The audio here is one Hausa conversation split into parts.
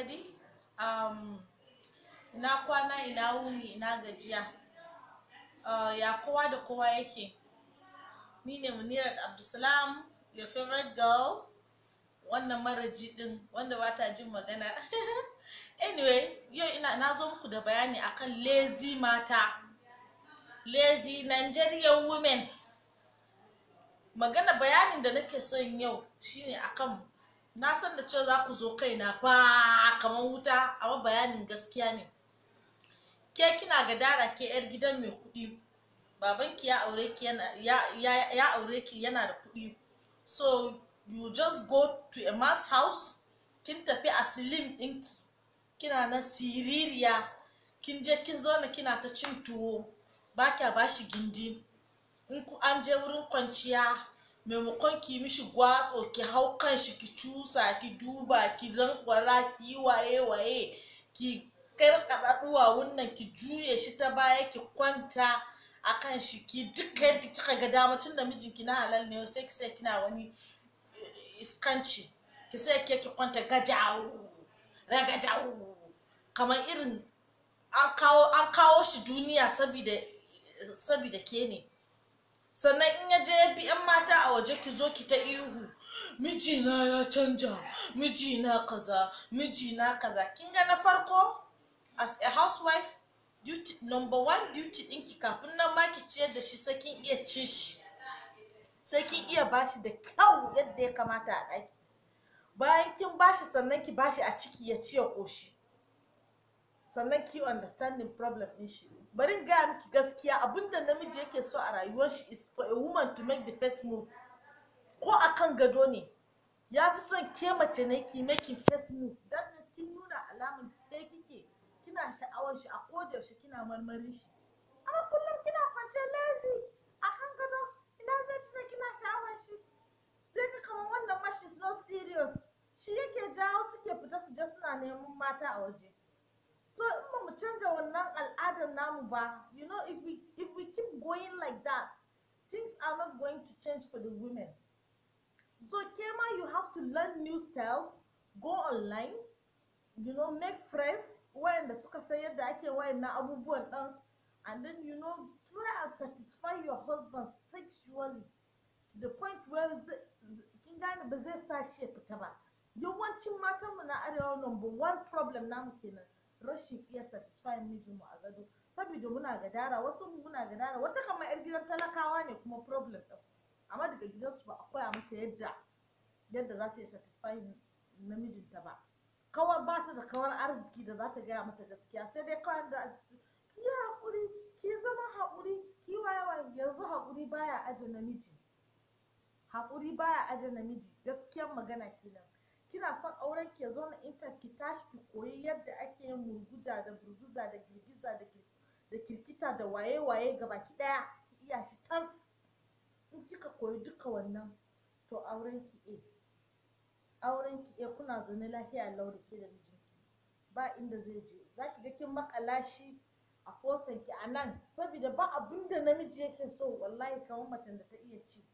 everybody. Um, ina kwana, ina wuni, ina gajiya. Uh, ya kowa da kowa yake. Ni ne Munirat Abdulsalam, your favorite girl. Wannan maraji din, wanda ba ta jin magana. anyway, yau ina na zo muku da bayani akan lazy mata. Lazy Nigerian women. Magana bayanin da nake son yau shine akan na san da cewa za ku zo kaina fa kamar wuta amma bayanin gaskiya ne ke kina ga dara ke yar gidan mai kuɗi babanki ya aure ki yana da kuɗi so you just go to a mass house kin tafi a slim ɗinki kina na siririya kin je kin zauna kina ta cin tuwo ba kya shi gindi in ku an je wurin kwanciya maimakon ki mishi gwatso ki hau kanshi ki cusa ki duba ki dankwala ki waye waye ki karkada duwa wannan ki juye shi ta baya ki kwanta a kan ki duka yadda kika ga dama tun da mijinki na halal ne sai ki sai kina wani eh, iskanci ki sai ke ki kwanta gajawu ragadawu kamar irin an kawo shi duniya sabida ke ne sannan in ya je ya bi yan mata a waje ki zo ki ta ihu mijina ya canja mijina kaza mijina kaza kin ga na farko as a housewife duty number one duty ɗinki kafin nan ma ki ciyar da shi sai kin iya ci shi sai kin iya bashi da kyau yadda ya kamata a ɗaki bayan kin bashi sannan ki bashi a ciki ya ci ya ƙoshi sannan ki understanding problem din shi bari in gaya miki gaskiya abinda namiji yake so a rayuwar shi is for a woman to make the first move ko akan gado ne ya fi son ke mace ne ki making first move that means kin nuna alamun ke kike kina sha'awar shi a kodiyar shi kina marmarin shi amma kullum kina kwance lazy akan gado ina zai tuna kina sha'awar shi zai ka kamar wannan ma she's not serious shi yake jawo suke fita su je suna neman mata a waje so in ba mu canza wannan al'adar namu ba you know if we if we keep going like that things are not going to change for the women so kema you have to learn new styles go online you know make friends wayanda suka sayar da ake wayannan abubuwan ɗan and then you know try and satisfy your husband sexually to the point where kin gane ba zai sa shi ya fita ba yawancin matanmu na arewa number one problem namu kenan rashin iya satisfy mijinmu a gado saboda muna gadara wasu muna gadara wata kamar yar gidan talakawa ne kuma problem din amma daga gidansu ba a koya mata yadda yadda za ta yi satisfy namijinta ba kawa ba ta da kawar arziki da za ta gaya mata gaskiya sai dai kawai da ki haƙuri ki zama haƙuri ki waye yanzu haƙuri baya aje namiji haƙuri baya aje namiji gaskiyar magana kenan kina son auren ki ya zauna intanet, ki tashi koyi yadda ake yin murguja da burguza da girgiza da kirkita da waye-waye gabaki ɗaya ya iya shi tas in kika koyi duka wannan to auren ki e auren ki e kuna zaune lafiya lau da ke da mijinki ba inda zai je ki ga kin makala shi a kosan a nan saboda ba abinda namiji yake so wallahi kamar macen da ta iya ci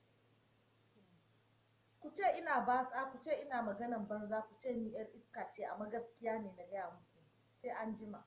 ku ce ina batsa ku ce ina maganan banza ku ce ni yar iska ce amma gaskiya ne na gaya muku sai anjima.